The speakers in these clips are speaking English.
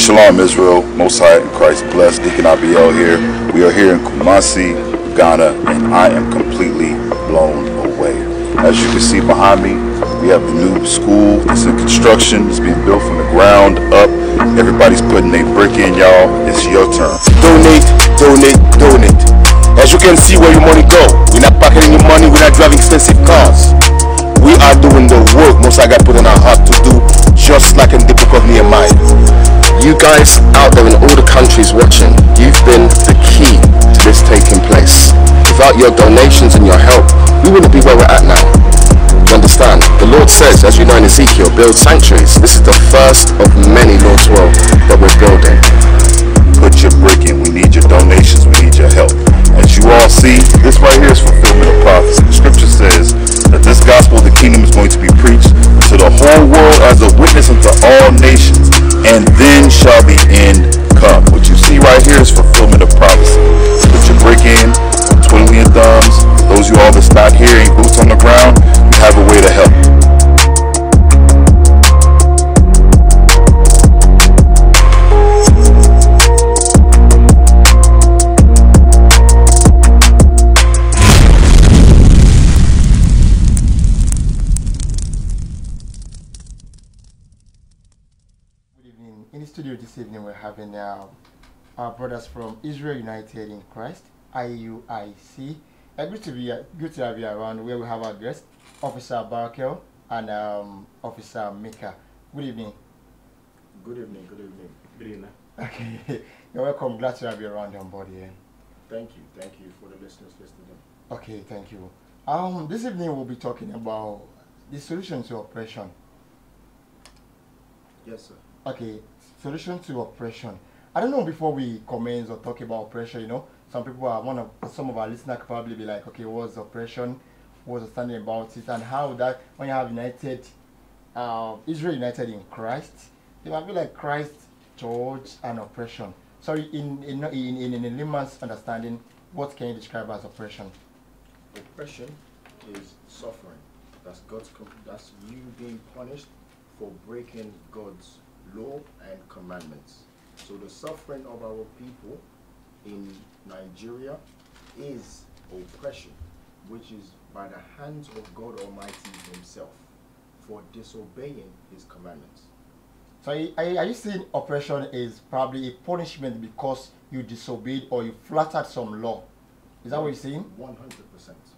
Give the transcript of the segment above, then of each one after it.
Shalom, Israel. Most High in Christ. Blessed Deacon Abiel here. We are here in Kumasi, Ghana, and I am completely blown away. As you can see behind me, we have the new school. It's in construction. It's being built from the ground up. Everybody's putting their brick in, y'all. It's your turn. Donate, donate, donate. As you can see where your money go. We're not pocketing your money. We're not driving expensive cars. We are doing the work Most High put in our heart to do, just like in the book of Nehemiah guys out there in all the countries watching, you've been the key to this taking place. Without your donations and your help, we wouldn't be where we're at now. You understand? The Lord says, as you know in Ezekiel, build sanctuaries. This is the first of many Lord's world that we're building. Put your brick in. We need your donations. We need your help. As you all see, this right here is fulfillment of prophecy. The scripture says, that this gospel of the kingdom is going to be preached to the whole world as a witness unto all nations, and then shall the end come. What you see right here is fulfillment of prophecy. Put your brick in, twiddling your thumbs, those you all that's not ain't boots on the ground, you have a way to help. evening we're having uh, our brothers from Israel United in Christ, IUIC. Uh, good, to be, uh, good to have you around where we have our guests, Officer Barkel and um, Officer Mika. Good evening. Good evening, good evening. Good evening. Okay, you're welcome. Glad to have you around on board here. Thank you, thank you for the listeners listening. Okay, thank you. Um, this evening we'll be talking about the solution to oppression. Yes, sir. Okay, solution to oppression. I don't know before we comment or talk about oppression, you know, some people are one of some of our listeners could probably be like, okay, what's oppression? What's the standing about it? And how that when you have united uh, Israel united in Christ, they might be like Christ, George, and oppression. Sorry, in in in in, in a understanding, what can you describe as oppression? Oppression is suffering. That's God's. That's you being punished for breaking God's law and commandments. So the suffering of our people in Nigeria is oppression, which is by the hands of God Almighty Himself for disobeying His commandments. So are you saying oppression is probably a punishment because you disobeyed or you flattered some law? Is that what you're saying? 100%.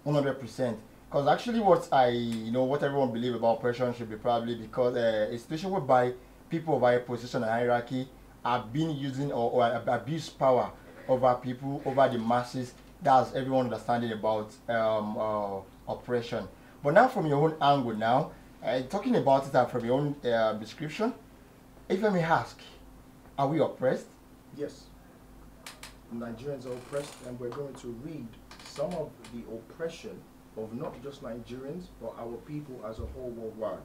100%. Because actually what I, you know, what everyone believe about oppression should be probably because uh, a situation whereby people of high position and hierarchy have been using or, or abuse power over people, over the masses. That's everyone understanding about um, uh, oppression. But now from your own angle now, uh, talking about it uh, from your own uh, description, if I may ask, are we oppressed? Yes. Nigerians are oppressed and we're going to read some of the oppression of not just Nigerians, but our people as a whole worldwide.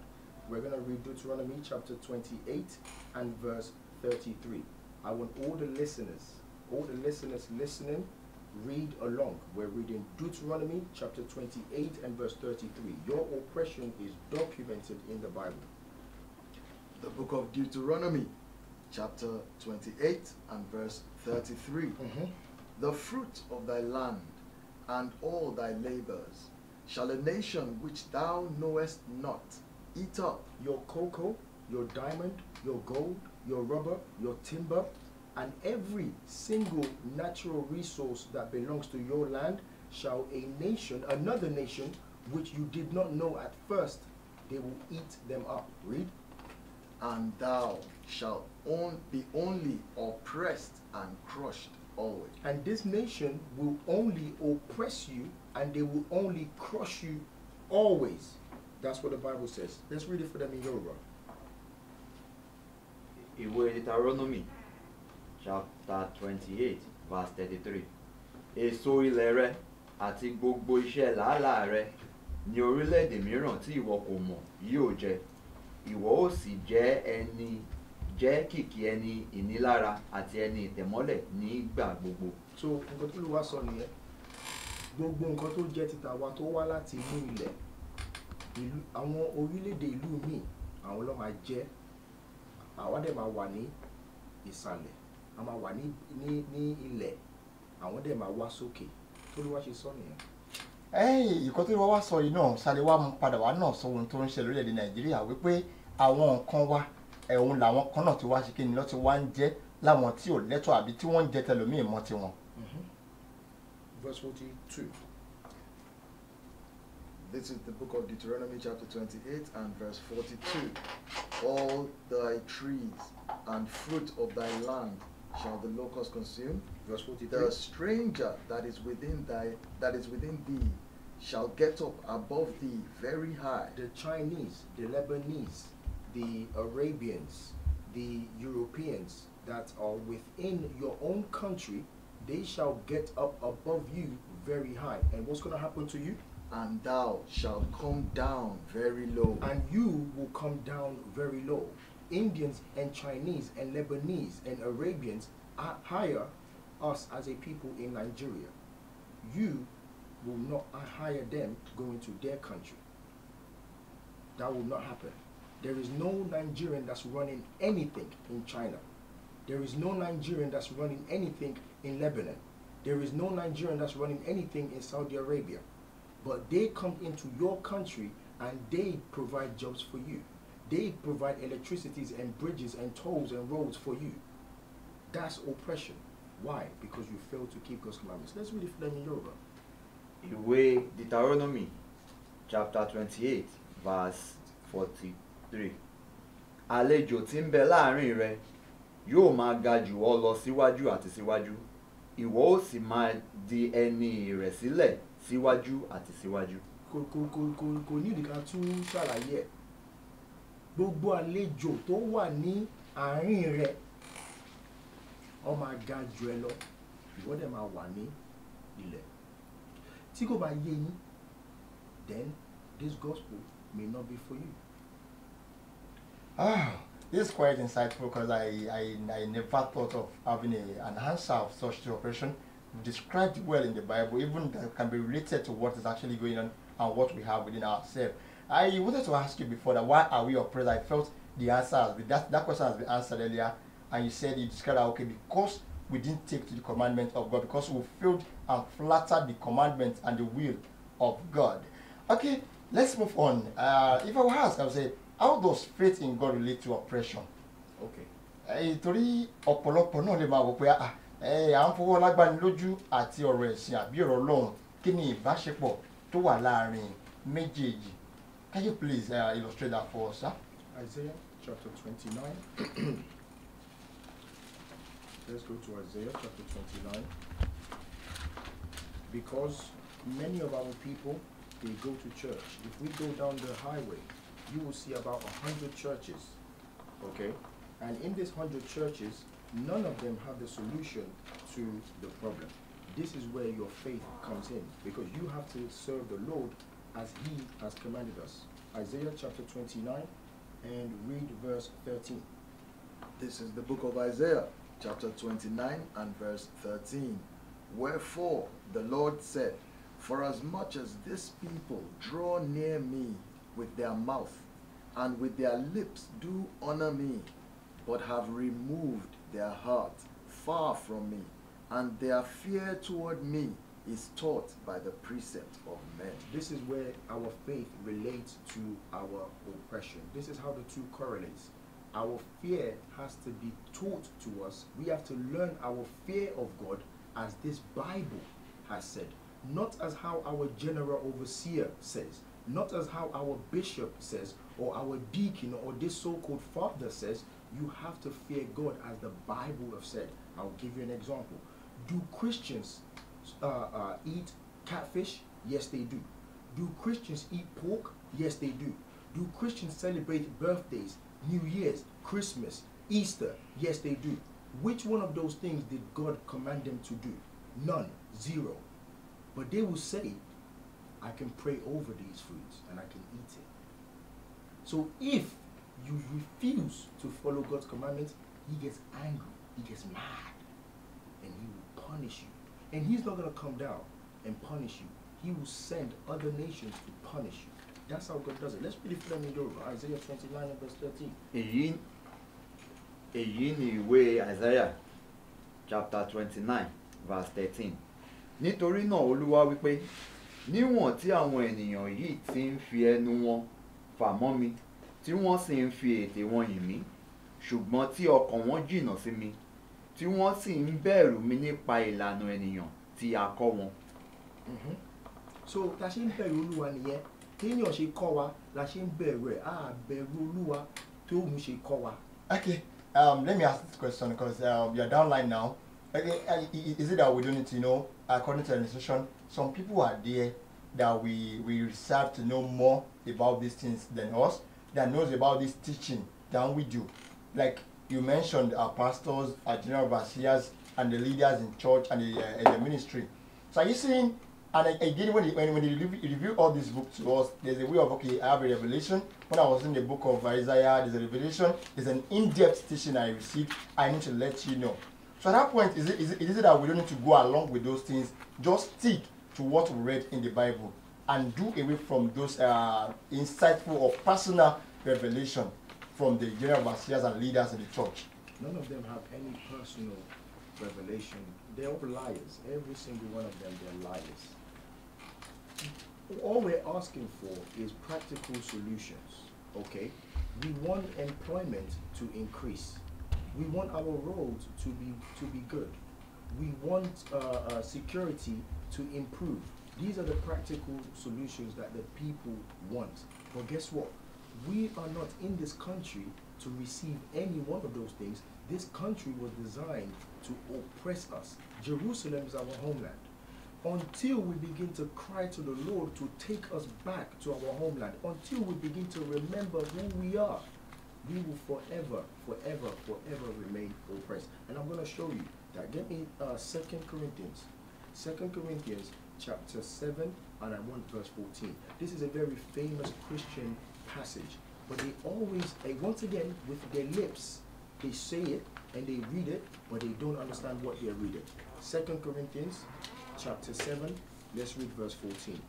We're going to read Deuteronomy chapter 28 and verse 33. I want all the listeners, all the listeners listening, read along. We're reading Deuteronomy chapter 28 and verse 33. Your oppression is documented in the Bible. The book of Deuteronomy chapter 28 and verse 33. Mm -hmm. The fruit of thy land and all thy labors shall a nation which thou knowest not eat up your cocoa, your diamond, your gold, your rubber, your timber, and every single natural resource that belongs to your land shall a nation, another nation, which you did not know at first, they will eat them up. Read. And thou shalt on, be only oppressed and crushed always. And this nation will only oppress you and they will only crush you always. That's what the Bible says. Let's read it for them in Yoruba. Ìwé Deuteronomy chapter twenty-eight verse thirty-three. Èso ilẹ̀ rẹ àti gbogbo iṣẹ́ làálàá rẹ ní orílẹ̀-èdè mìíràn tí ìwọ kò mọ̀ yóò jẹ. Ìwọ ó sì jẹ́ ẹni jẹ́ kìkì ẹni ìnilára àti ẹni ìtẹ̀mọ́lẹ̀ nígbà gbogbo. So nǹkan tó lè wá sọ nìyẹn gbogbo nǹkan tó jẹ́ títà wa tó wá láti inú ilẹ̀ ìlú àwọn orílẹ̀-èdè ìlú míì àwọn ló máa jẹ́ àwa dẹ̀ máa wà ní ìsàlẹ̀ a máa wà ní ní ilẹ̀ àwọn dẹ̀ máa wá sókè tó ló wá ṣe sọ nìyẹn. ẹ̀yìn ìkọ́ tó ló wá sọ yìí náà sáré wá mú padà wá náà sọ ohun tó ń ṣe lórílẹ̀‐èdè nàìjíríà wípé àwọn nǹkan wa ẹ̀hún làwọn kan náà ti wá ṣe kí ni lọ́ọ́ ti wá ń jẹ́ láwọn tí ò lẹ́tọ̀ọ́ àbí tí wọ́n ń jẹ tẹlòmíì mọ́ tiwọn. Mm-hmm. verse forty two. This is the book of Deuteronomy, chapter 28, and verse 42. All thy trees and fruit of thy land shall the locust consume. Verse 43. The stranger that is within thy that is within thee shall get up above thee very high. The Chinese, the Lebanese, the Arabians, the Europeans that are within your own country, they shall get up above you very high. And what's going to happen to you? and thou shalt come down very low. And you will come down very low. Indians and Chinese and Lebanese and Arabians hire us as a people in Nigeria. You will not hire them going to their country. That will not happen. There is no Nigerian that's running anything in China. There is no Nigerian that's running anything in Lebanon. There is no Nigerian that's running anything in Saudi Arabia. But they come into your country and they provide jobs for you. They provide electricities and bridges and tolls and roads for you. That's oppression. Why? Because you fail to keep God's commandments. Let's read it for over. in Yoruba. Ìwé Deuteronomy chapter twenty-eight verse forty-three. Àlejò tí ń bẹ ọ lọ síwájú àti síwájú. Ìwọ sì máa di ẹni síwájú àti síwájú. kò kò kò kò kò ní ìdíkà tún ṣàlàyé ẹ̀ gbogbo àlejò tó wà ní àárín rẹ̀ ó máa jù ẹ lọ ìwọ dẹ̀ máa wà ní ilẹ̀ tí kò bá yé yín then this gospel may not be for you. Ah, this quite insightful because I, I, I never thought of having a, an answer of such operation described well in the Bible, even that can be related to what is actually going on and what we have within ourselves. I wanted to ask you before that why are we oppressed? I felt the answer has been that, that question has been answered earlier, and you said you described that okay, because we didn't take to the commandment of God, because we failed and flattered the commandment and the will of God. Okay, let's move on. Uh, if I were ask, I would say, how does faith in God relate to oppression? Okay. Eh, torí ọ̀pọ̀lọpọ̀ náà lè máa à ń fọwọ́ lágbani lójú àti ọ̀rọ̀ ẹ̀sìn àbí ọ̀rọ̀ ọlọ́run kí ni ìbáṣepọ̀ tó wà láàrin méjèèjì can you please uh, illustrate that for us sir. Isaiah chapter twenty-nine let's go to Isaiah chapter twenty-nine because many of our people they go to church if we go down the highway you will see about a hundred churches okay and in these hundred churches None of them have the solution to the problem. This is where your faith comes in because you have to serve the Lord as He has commanded us. Isaiah chapter 29 and read verse 13. This is the book of Isaiah, chapter 29 and verse 13. Wherefore the Lord said, For as much as this people draw near me with their mouth and with their lips do honor me, but have removed their heart far from me, and their fear toward me is taught by the precept of men. This is where our faith relates to our oppression. This is how the two correlates. Our fear has to be taught to us. We have to learn our fear of God as this Bible has said, not as how our general overseer says, not as how our bishop says, or our deacon, or this so called father says, you have to fear God as the Bible have said. I'll give you an example. Do Christians uh, uh, eat catfish? Yes, they do. Do Christians eat pork? Yes, they do. Do Christians celebrate birthdays, New Year's, Christmas, Easter? Yes, they do. Which one of those things did God command them to do? None, zero. But they will say, I can pray over these foods and I can eat it. So if you refuse to follow God's commandments, he gets angry, he gets mad, and he will punish you. And he's not going to come down and punish you. He will send other nations to punish you. That's how God does it. Let's read the flaming over. Isaiah 29 and verse 13. Èyí, èyí way, Isaiah chapter 29 verse 13. Nítorí náà Olúwa wípé, níwọ̀n tí àwọn ènìyàn yìí ti ń fi ẹnu wọn fà mọ́ mi tí wọ́n sì ń fi ètè wọn yìn mí ṣùgbọ́n tí ọkàn wọn jìnnà sí mi tí wọ́n sì ń bẹ̀rù mi nípa ìlànà ènìyàn tí a kọ́ wọn. Mhm. so ta ṣe ń bẹ̀rù olúwa nìyẹn téèyàn ṣe kọ́ wa la ṣe ń bẹ̀rù ẹ̀ á bẹ̀rù olúwa tó òun ṣe kọ́ wa. okay um, let me ask this question because um, you are down line now okay, um, is it that we don't need to know according to the instruction some people are there that we we reserve to know more about these things than us. that knows about this teaching than we do. Like you mentioned, our pastors, our general overseers, and the leaders in church and the, uh, the ministry. So are you seeing, and again, when, when, when you review all these books to us, there's a way of, okay, I have a revelation. When I was in the book of Isaiah, there's a revelation. There's an in-depth teaching I received. I need to let you know. So at that point, is it, is, it, is it that we don't need to go along with those things? Just stick to what we read in the Bible and do away from those uh, insightful or personal revelation from the general overseers and leaders in the church. None of them have any personal revelation. They're all liars. Every single one of them, they're liars. All we're asking for is practical solutions, okay? We want employment to increase. We want our roads to be, to be good. We want uh, uh, security to improve. These are the practical solutions that the people want. But guess what? We are not in this country to receive any one of those things. This country was designed to oppress us. Jerusalem is our homeland. Until we begin to cry to the Lord to take us back to our homeland, until we begin to remember who we are, we will forever, forever, forever remain oppressed. And I'm going to show you that. Get me uh, 2 Corinthians. 2 Corinthians chapter 7 and I want verse 14. This is a very famous Christian passage, but they always, and once again, with their lips, they say it and they read it, but they don't understand what they're reading. Second Corinthians chapter 7, let's read verse 14.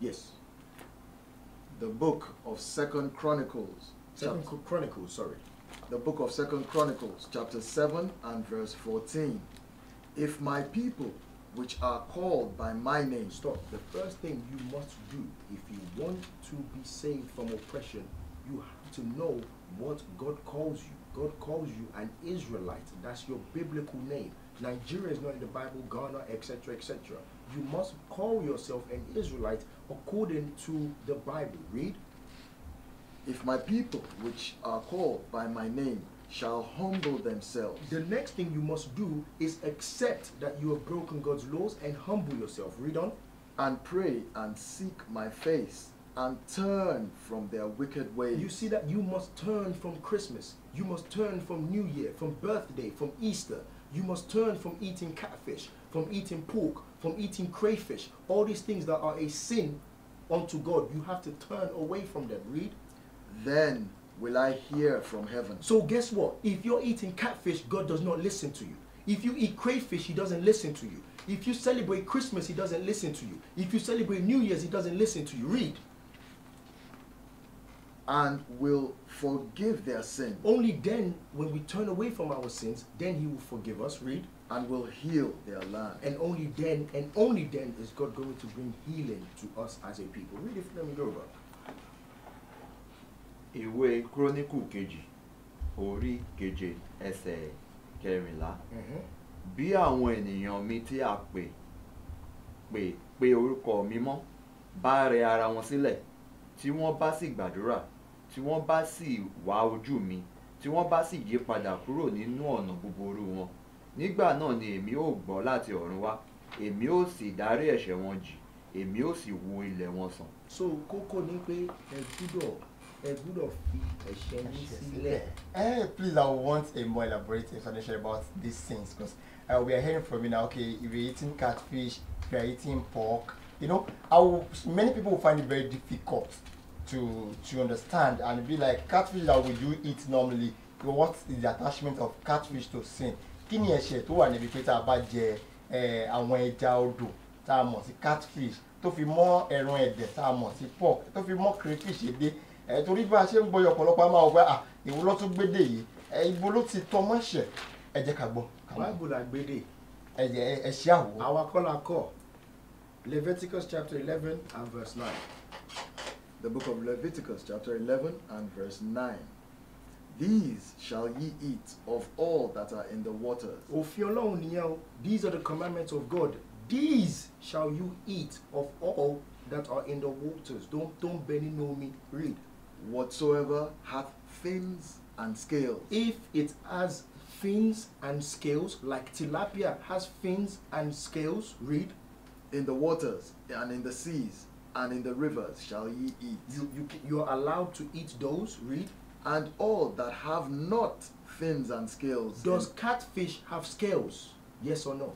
Yes. The book of Second Chronicles. Second chapter, Chronicles, sorry. The book of Second Chronicles, chapter 7 and verse 14. If my people which are called by my name. Stop. The first thing you must do if you want to be saved from oppression, you have to know what God calls you. God calls you an Israelite. That's your biblical name. Nigeria is not in the Bible, Ghana, etc., etc. You must call yourself an Israelite according to the Bible. Read. If my people, which are called by my name, shall humble themselves. The next thing you must do is accept that you have broken God's laws and humble yourself. Read on. And pray and seek my face and turn from their wicked ways. You see that you must turn from Christmas. You must turn from New Year, from birthday, from Easter. You must turn from eating catfish, from eating pork, from eating crayfish. All these things that are a sin unto God. You have to turn away from them. Read. Then will I hear from heaven. So guess what? If you're eating catfish, God does not listen to you. If you eat crayfish, he doesn't listen to you. If you celebrate Christmas, he doesn't listen to you. If you celebrate New Year's, he doesn't listen to you. Read. And will forgive their sin. Only then, when we turn away from our sins, then he will forgive us. Read. And will heal their land. And only then, and only then is God going to bring healing to us as a people. Read it. Let me go, back. ìwé kíróníkù kejì orí keje ẹsẹ̀ kẹrìnlá mm-hmm. bí àwọn ènìyàn mi tí a pè pè pè orúkọ mi mọ́ bá rẹ ara wọn sílẹ̀ tí wọ́n bá sì gbàdúrà tí wọ́n bá sì wá ojú mi tí wọ́n bá sì yí padà kúrò nínú ọ̀nà búburú wọn nígbà náà ni èmi ó gbọ́ láti ọ̀run wá èmi ó sì dárí ẹ̀ṣẹ̀ wọn jì èmi ó sì wo ilẹ̀ wọn sàn. so kókó ni pé ẹ gbúdọ̀ ẹ gbúdọ̀ fi ẹ̀ṣẹ̀ yín sílẹ̀. Eh, please, I want a more elaborate explanation about these things because uh, we are hearing from you now. Okay, if you're eating catfish, if are eating pork, you know, I will, many people will find it very difficult to to understand and be like catfish that we do eat normally. What is the attachment of catfish to sin? Kí ni ẹ̀ṣẹ̀ tó wà níbi pé tá a bá jẹ eh, àwọn ẹja odò tá a mọ̀ sí catfish tó fi mọ́ ẹran ẹ̀dẹ̀ tá a mọ̀ sí pork tó fi mọ́ crayfish èdè ẹ̀ torí bá a ṣe ń gbọ́yọ̀ ọ̀pọ̀lọpọ̀ a máa wọ pé à ìwo ló tún gbédè yìí ẹ̀ ibo ló ti tọ́ mọ́ṣẹ̀ ẹ jẹ́ ká gbọ́. báàbò la gbédè. ẹ jẹ ẹ ṣe àwọ. àwa kọ́ la Leviticus chapter eleven and verse nine the book of Leviticus chapter eleven and verse nine. These shall ye eat of all that are in the waters. Òfin Ọlọ́run nìyẹn o. These are the commandments of God. These shall you eat of all that are in the waters. Tó ń bẹ nínú omi. Read. whatsoever hath fins and scales. If it has fins and scales, like tilapia has fins and scales, read. In the waters and in the seas and in the rivers shall ye eat. You, you, you are allowed to eat those, read. And all that have not fins and scales. Does catfish have scales? Yes or no?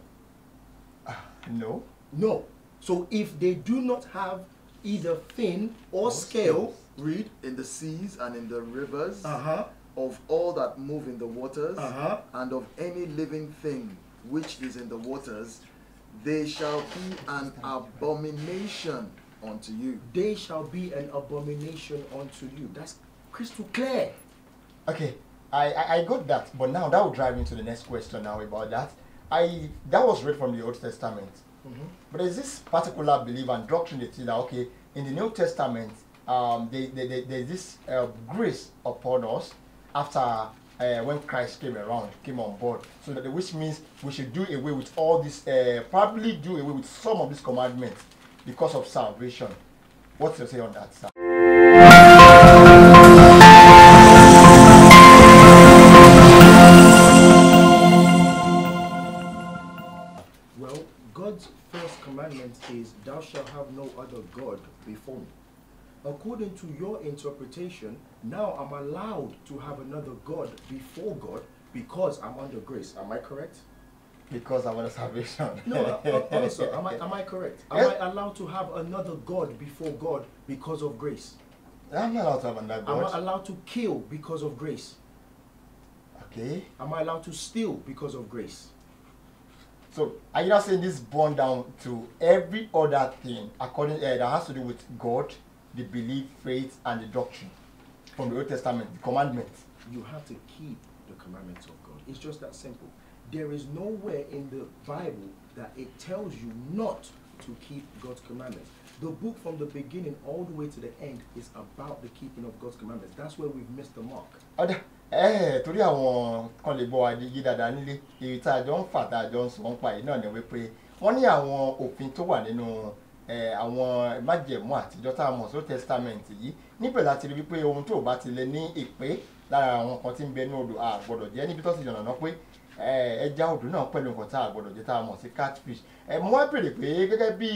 Uh, no. No. So if they do not have either fin or, or scale. Read in the seas and in the rivers uh-huh. of all that move in the waters uh-huh. and of any living thing which is in the waters. They shall be an abomination unto you. They shall be an abomination unto you. That's crystal clear. Okay, I, I, I got that, but now that will drive me to the next question now about that. I that was read from the Old Testament. -hmm. But there's this particular belief and doctrine that see that, okay, in the New Testament, um, they, they, they, there's this uh, grace upon us after uh, when Christ came around, came on board. So that, which means we should do away with all this, uh, probably do away with some of these commandments because of salvation. What's your say on that, sir? according to your interpretation, now I'm allowed to have another God before God because I'm under grace. Am I correct? Because I'm under salvation. no, uh, uh, also, am I, am I correct? Am yes? I allowed to have another God before God because of grace? I'm not allowed to have another God. Am I allowed to kill because of grace? Okay. Am I allowed to steal because of grace? So are you not saying this born down to every other thing according uh, that has to do with God the belief, faith, and the doctrine from the Old Testament, the commandments. You have to keep the commandments of God. It's just that simple. There is nowhere in the Bible that it tells you not to keep God's commandments. The book from the beginning all the way to the end is about the keeping of God's commandments. That's where we've missed the mark. Ọ̀dà ẹ̀ẹ́ torí àwọn kan lè gbọ́ wa yé dáadáa nílé èyí tá a jọ ń fà tá a jọ ń sọ ń pa yìí náà ni wípé wọ́n ní àwọn òfin tó wà nínú àwọn májẹ̀mú àtijọ́ tá a mọ̀ sí Old Testament yìí níbẹ̀ láti rí wípé ohun tó bá ti lè ní ìpè lára àwọn kan tí ń bẹ ní odò a gbọ́dọ̀ jẹ níbi tó ti yànnàná pé ẹja odò náà pẹ̀lú nǹkan tá a gbọ́dọ̀ jẹ tá a mọ̀ sí catfish mo wá béèrè pé gẹ́gẹ́ bí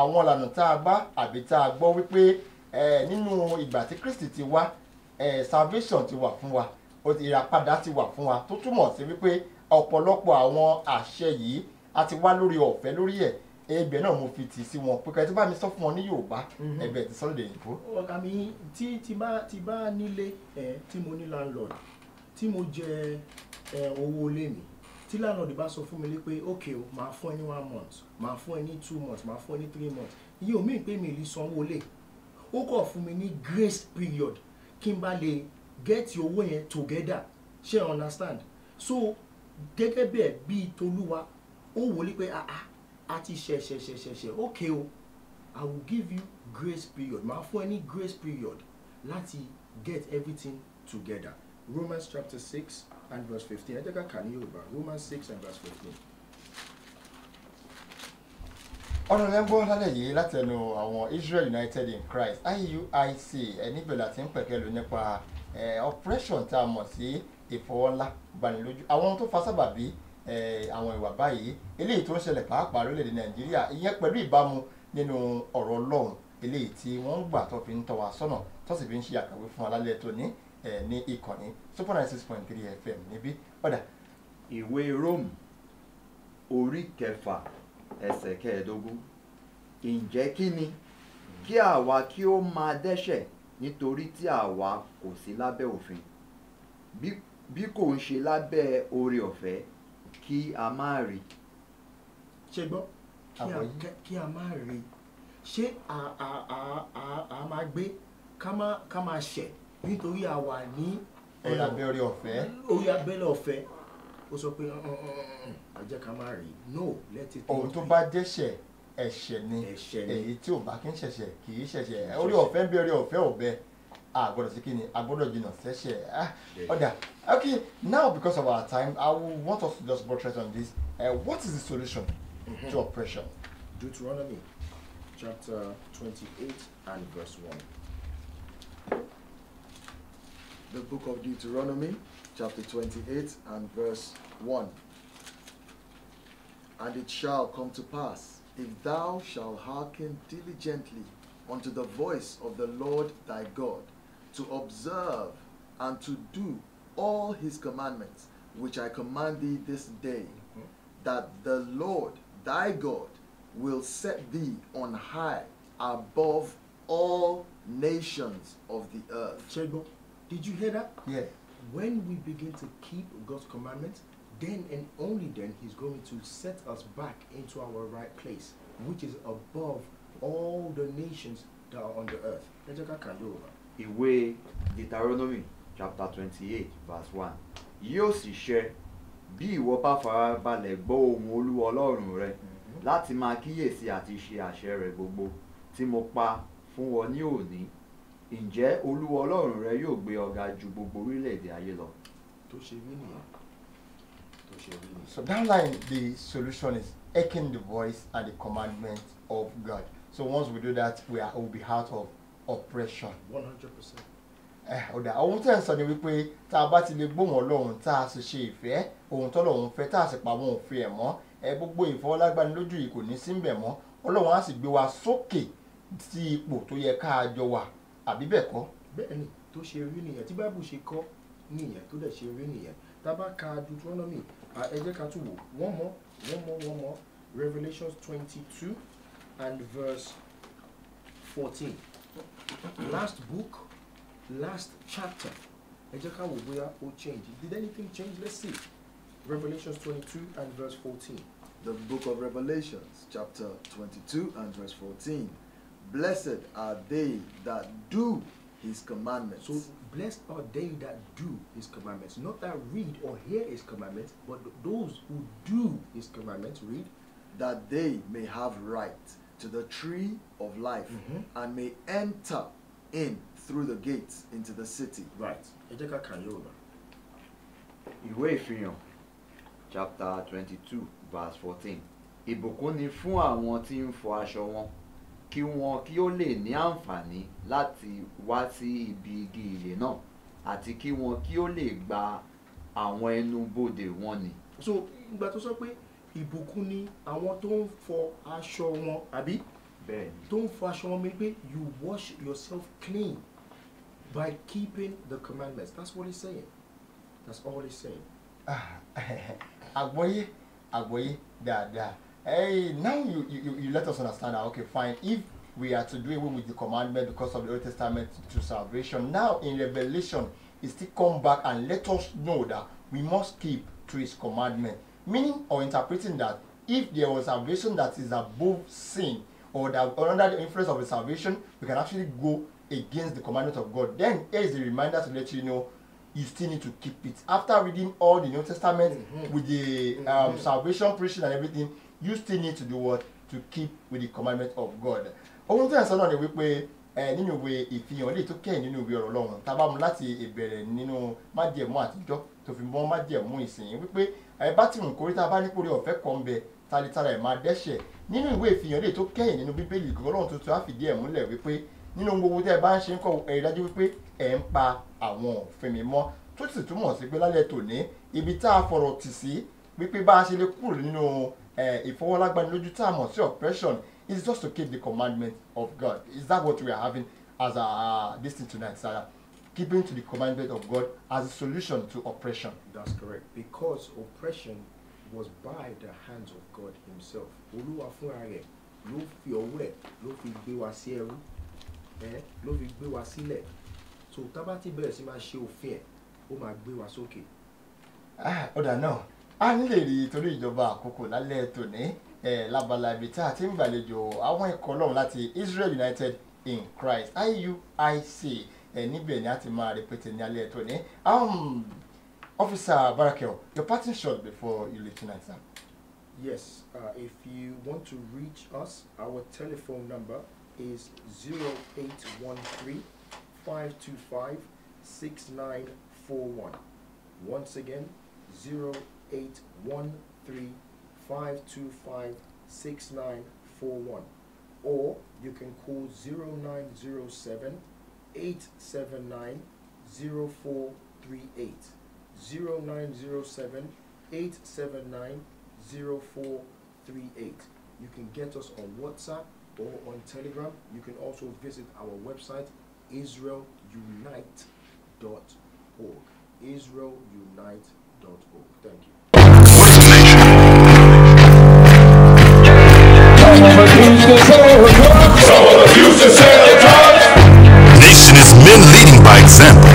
àwọn ìlànà tá a bá àbí tá a gbọ́ wípé nínú ìgbà tí Kristi ti wá salvation ti wà fún wa ìràpadà ti wà fún wa tó túmọ̀ sí wípé ọ̀pọ̀lọpọ̀ àwọn àṣẹ yìí a ti wá lórí ọ̀fẹ́ lórí ẹ̀ ẹ̀bẹ̀ náà mo fi tì sí wọn pé kẹtí bá mi sọ fún wọn ní yorùbá mhm. ẹ̀bẹ̀ ti sọlẹ èyìnbó. ọ̀gá mi tí ti bá tí bá nílé ẹ tí mo ní landlord tí mo jẹ ẹ owó ilé mi tí landlord bá sọ fún mi lé pé ok o máa fún ẹ ní one month máa fún ẹ ní two months máa fún ẹ ní three months iye omi ìpè mi ìlú sanwó lè ó kọ̀ fún mi ní grace period kí n bá lè get owó yẹn together ṣe understand so gẹ́gẹ́ bẹ́ẹ̀ bíi tolúwa ó wọlé pé ah ah àti ṣẹ̀ṣẹ̀ṣẹ̀ṣẹ̀ṣẹ̀ okay o I will give you grace period màá fún ẹ ní grace period láti get everything together Romans chapter six and verse fifteen ẹ jẹ́ ká kà ní Yorùbá Romans six and verse fifteen. ọ̀rọ̀ rẹ̀ ń bọ́ lálẹ́ yìí láti ẹnu àwọn Israel United in Christ IUIC ẹni bẹ̀rẹ̀ àti ń pẹ̀kẹ́ lò nípa operation tá a mọ̀ sí ìfọwọ́lá banilójú àwọn tó fa sábàbí àwọn ìwà báyìí eléyìí tó ń ṣẹlẹ̀ pàápàá lórílẹ̀‐èdè nàìjíríà ìyẹn pẹ̀lú ìbámu nínú ọ̀rọ̀ ọlọ́run eléyìí tí wọ́n ń gbà tó fi ń tọ́ wa sọ́nà tó sì fi ń ṣe àkàwé fún alálẹ̀ tó ní ní ìkànnì super ninety six point three fm níbí ọ̀dà. ìwé rome orí kẹfà ẹsẹ̀ kẹẹ̀ẹ́dógún ǹjẹ́ kí ni kí àwa kí ó máa dẹ́ṣẹ̀ nítorí tí àwa kò sí lábẹ́ òfin bí kò ń ṣe lábẹ́ oore ọ̀fẹ́ kí a má rí. ṣe gbọ́ kí a má rí ṣé a máa gbé ká máa ṣẹ̀ nítorí a wà ní. orí abẹ́rẹ́ ọ̀fẹ́. orí abẹ́rẹ́ ọ̀fẹ́ ó sọ pé àjẹ́ mm, mm, mm, ká má rí no let it. ohun tó bá dẹ́ṣẹ̀ ẹ̀ṣẹ̀ ni èyí tí ò bá kí ń ṣẹ̀ṣẹ̀ kì í ṣẹ̀ṣẹ̀ orí ọ̀fẹ́ ń orí ọ̀fẹ́ ò àgbọ̀dọ̀ sí àgbọ̀dọ̀ jìnnà sẹ́sẹ̀ ah, okay now because of our time I want us to just buttress on this uh, what is the solution mm -hmm. to oppression. Deuteronomy chapter twenty-eight and verse one. The book of Deuteronomy chapter twenty-eight and verse one. And it shall come to pass, if thou shalt hearken diligently unto the voice of the Lord thy God, to observe and to do all his commandments, which I command thee this day, mm -hmm. that the Lord thy God will set thee on high above all nations of the earth. Chego, did you hear that? Yeah. When we begin to keep God's commandments, then and only then he's going to set us back into our right place, which is above all the nations that are on the earth. ìwé Deuteronomy chapter twenty eight verse one yóò sì ṣẹ bí ìwọ bá farabalẹ̀ gbọ́ ohùn Olúwa Ọlọ́run rẹ mhm. láti máa kíyèsí àti ṣe àṣẹ rẹ gbogbo tí mo pa fún ọ ní òní ǹjẹ́ Olúwa Ọlọ́run rẹ yóò gbé ọ ju gbogbo orílẹ̀-èdè ayé lọ. tó ṣe mí nìyẹn tó ṣe mí nìyẹn. So downline the solution is echoing the voice and the commandment of God. So once we do that, we, are, we will be out of oppression. one hundred percent. Eh, ọ̀dà ohun tẹ̀ ń sọ ni wípé tá a bá ti lè gbóhùn ọlọ́run tá a sì ṣe ìfẹ́ ohun tọ́lọ́run fẹ́ tá a sì pamọ́ òfin ẹ̀ mọ́ ẹ gbogbo ìfọwọ́lágbánilójú yìí kò ní sí ńbẹ̀ mọ́ ọlọ́run á sì gbé wa sókè sí ipò tó yẹ ká a jọ wà àbí bẹ́ẹ̀ kọ́. bẹ́ẹ̀ni tó ṣe rí nìyẹn tí báìbù ṣe kọ nìyẹn tó dẹ̀ ṣe rí nìyẹn tá a bá ka deuteronomy ẹ jẹ́ ká tún wò wọ́n mọ́ wọ́n mọ́ wọ́n mọ́ Revelations twenty two and verse fourteen. last book last chapter ẹ jẹ́ ká wò change did anything change let's see Revelations twenty-two and verse fourteen. The book of Revelations chapter twenty-two and verse fourteen blessed are they that do his commandments. So blessed are they that do his commandments, not that read or hear his commandments, but those who do his commandments, read, that they may have right to the tree of life mm -hmm. and may enter in through the gates into the city. Right. Ẹ jẹ́ ká kà Ìwé ìfihàn chapter twenty-two verse fourteen. Ìbùkún ni fún àwọn tí ń fọ aṣọ wọn kí wọn kí ó lè ní àǹfààní láti wá sí ibi igi ìyè náà àti kí wọn kí ó lè gba àwọn ẹnu bodè wọn ni. So ìgbà tó sọ pé ìbùkún ni àwọn tó ń fọ aṣọ wọn àbí tó ń fọ aṣọ wọn mi pé you wash yourself clean by keeping the commandments that's what he's saying that's all he's saying. Ah, àgbọ́yé àgbọ́yé dáadáa hey now you, you you let us understand that okay fine if we are to do away with the commandment because of the Old Testament to salvation now in Revelation he still come back and let us know that we must keep to his commandment meaning or interpreting that if there was salvation that is above sin or that or under the influence of the salvation we can actually go against the commandment of God then here is the reminder to let you know you still need to keep it after reading all the New Testament mm-hmm. with the mm-hmm. um, mm-hmm. salvation preaching and everything you still need to do what to keep with the commandment of God ohun tí ẹ̀ sọ náà ni wípé eh, nínú ìwé ìfihàn lè tó kẹ́yìn nínú ìwé ọ̀rọ̀ Ọlọ́run tá láti ìbẹ̀rẹ̀ nínú májẹ̀mú àtijọ́ tó fi mọ́ májẹ̀mú ìsìn wípé àyíbá tí nǹkan orí tá a bá nípò rí ọ̀fẹ́ kan bẹ talitara ẹ̀ máa dẹ́ṣẹ̀ nínú ìwé ìfihàn lè tó kẹ́yìn nínú bíbélì ọlọ́run tuntun á fìdí ẹ̀ múlẹ̀ wípé nínú gbogbo tẹ́ ẹ bá ń ṣe ń kọ́ ẹ dájú wípé ẹ̀ ń pa àwọn òfin mi mọ́ tó sì túmọ̀ sí pé lálẹ́ tòní ibi tá a fọ̀rọ̀ tì sí wípé bá a ṣe lè kúrò nínú ìfọwọ́lágbanilójú tá a mọ̀ sí oppression is just to keep the commandment of God is that what we are having as our uh, this thing tonight Sarah. Keeping to the commandment of God as a solution to oppression. That's correct. Because oppression was by the hands of God himself. Olúwa fúnra rẹ̀ ló fi ọwọ́ ẹ̀ ló fi gbé So tabati bá ti bẹ̀rẹ̀ sí máa ṣe òfin ẹ̀ ó máa gbé wa sókè. Ọ̀dà ah, náà, a nílè rí torí ìjọba àkókò lálẹ́ tòní lábala ibi tá a ti ń gbàlejò àwọn ikọ̀ ọlọ́run láti Israel United in Christ IUIC. ẹ níbẹ̀ ni a ti máa um, Officer Barakel, your parting shot before you leave tonight, sir. Yes, uh, if you want to reach us, our telephone number is 0813 525 6941. Once again, 0813 525 6941. Or you can call 0907 879 0438. You can get us on WhatsApp or on Telegram. You can also visit our website israelunite.org. Israelunite.org. Thank you. Someone accused to say by example.